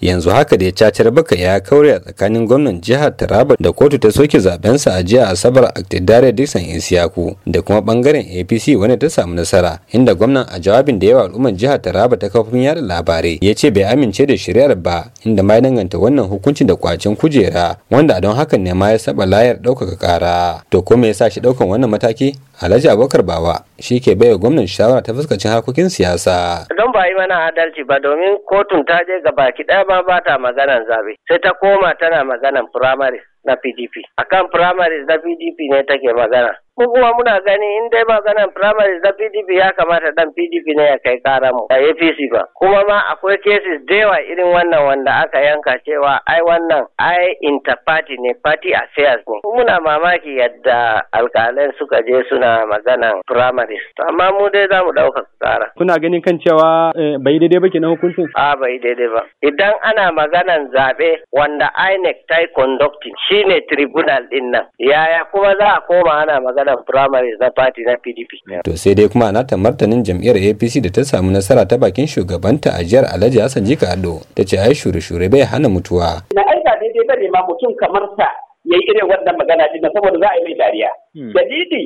yanzu haka da ya cacar baka ya kaure a tsakanin gwamnan jihar taraba da kotu ta soke zabensa a jiya asabar aktidare dixon isiyaku da kuma bangaren apc wanda ta samu nasara inda gwamnan a jawabin da yawa al'umman jihar taraba ta kafin yada labarai ya ce bai amince da shari'ar ba inda ma ya danganta wannan hukunci da kwacin kujera wanda don hakan ne ma ya saba layar ɗaukaka ƙara to ko me yasa shi ɗaukan wannan mataki alhaji abubakar bawa shi ke baiwa gwamnan shawara ta fuskacin harkokin siyasa don bayi yi mana adalci ba domin kotun ta je gaba ki ɗaya ma ba ta maganan zabe sai ta koma tana maganan primaries na PDP akan primaries na PDP ne take magana mu kuma muna gani in dai maganar primary da PDP ya kamata dan PDP ne ya kai kara mu a APC ba kuma ma akwai cases da yawa irin wannan wanda aka yanka cewa ai wannan ai interparty ne party affairs ne muna mamaki yadda alkalan suka je suna maganan primaries amma mu dai za mu dauka kara kuna ganin kan cewa eh, bai daidai ba kenan hukuncin a bai daidai ba idan ana maganan zabe wanda INEC ta yi conducting shine tribunal din nan yaya kuma za a koma ana magana wannan firamare na party na pdp to sai dai kuma na ta martanin jam'iyyar apc da ta samu nasara ta bakin shugabanta a jihar alhaji hassan jika Addo, ta ce ai shure-shure bai hana mutuwa na aika daidai bane ma mutum kamar sa ya yi irin wannan magana din saboda za a yi mai dariya hmm. dalili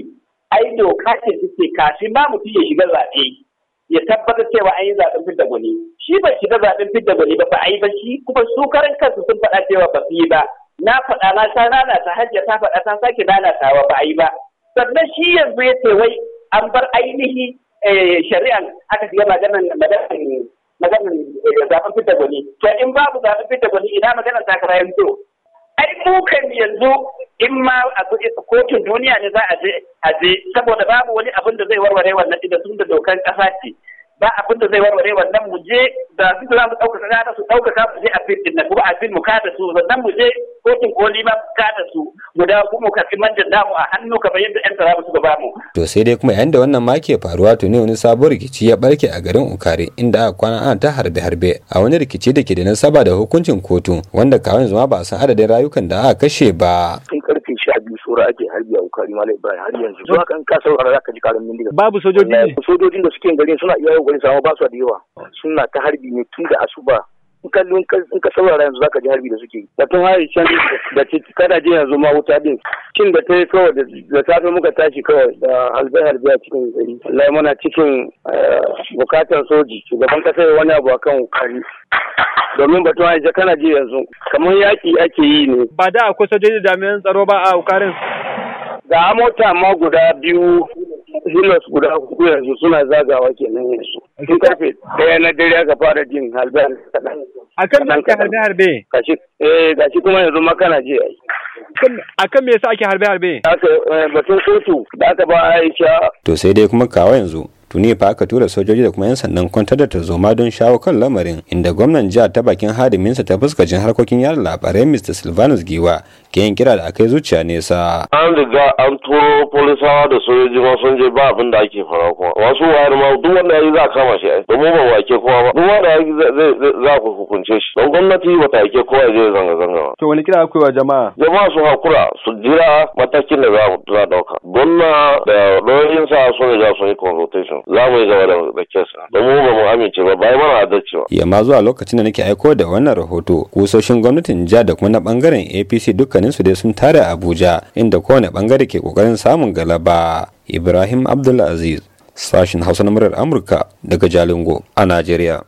ai doka ce take kafin ma mutum ya shiga zaɓe ya tabbatar cewa an yi zaɓen fidda gwani shi bai shiga zaɓen fidda gwani ba ba a yi ba shi kuma su karan kansu sun faɗa cewa ba su yi ba na faɗa na ta lalata ta hajja ta faɗa ta sake nana tawa ba a yi ba sannan shi yanzu ya ce wai an bar ainihi eh, shari'an aka shiga maganan maganan eh, fitar gwani to in babu zaben fitar gwani ina maganar takara yanzu ai mukan yanzu in ma a kotun duniya ne za a je saboda babu wani abin da zai warware wannan idan sun da dokan kasa ce ba abin da zai warware wannan mu je da su za mu ɗaukaka gana su ɗaukaka mu je a fitin na kuma a fitin mu kada su sannan mu je kotun koli ma kada su mu dawo kuma kafin manjan damu a hannu kamar yadda yan tsara su ba mu. to sai dai kuma yayin da wannan ma ke faruwa to ne wani sabon rikici ya barke a garin ukare inda aka kwana ana ta harbe harbe a wani rikici da ke da nasaba da hukuncin kotu wanda kawai zuma ba a san adadin rayukan da aka kashe ba. kura ake harbi a ukari malam ibrahim har yanzu zuwa kan ka saurara zaka ji karin mindiga babu sojoji ne sojojin da suke garin suna iya garin sama ba su da yawa suna ta harbi ne tun da asuba in ka in ka saurara yanzu zaka ji harbi da suke da tun hari can da kada je yanzu ma wuta din cin da ta yi kawai da safe muka tashi kawai da halbe-halbe a cikin gari lai muna cikin eh, bukatar soji shugaban kasar wani abu akan ukari domin batun aisha kana ji yanzu kamar yaƙi ake yi ne ba da akwai sojoji jami'an tsaro ba a ukarin ga mota ma guda biyu hilos guda hudu yanzu suna zagawa kenan yanzu Sun karfe daya na dare aka fara jin halbe akan me ake harbe harbe ga eh gashi kuma yanzu ma kana ji akan me yasa ake harbe harbe aka eh, batun kotu da aka ba Aisha to sai dai kuma kawo yanzu tuni fa aka tura sojoji da kuma 'yan sandan kwantar da tarzoma don shawo kan lamarin inda gwamnan jihar ta bakin hadiminsa ta fuskacin harkokin yada labarai mr silvanus giwa ke yin kira da akai zuciya nesa an riga an turo polisawa da sojoji ma sun je ba abin da ake fara kuma wasu wayar ma duk wanda yi za a kama shi ai domin ba wake kowa ba duk wanda yi za ku hukunce shi don gwamnati ba ta aike kowa zai zanga zanga ba to wani kira akwai wa jama'a jama'a su hakura su jira matakin da za a dauka gwamna da lauyoyinsa sun riga sun yi consultation za mu yi gaba da kesa da mu ba mu amince ba bai mana adalci ba yamma zuwa lokacin da nake aiko da wannan rahoto kusoshin gwamnatin jihar da kuma na bangaren APC dukkanin su dai sun tare a Abuja inda kowane bangare ke kokarin samun galaba Ibrahim Abdulaziz sashin Hausa na murar Amurka daga Jalingo a Najeriya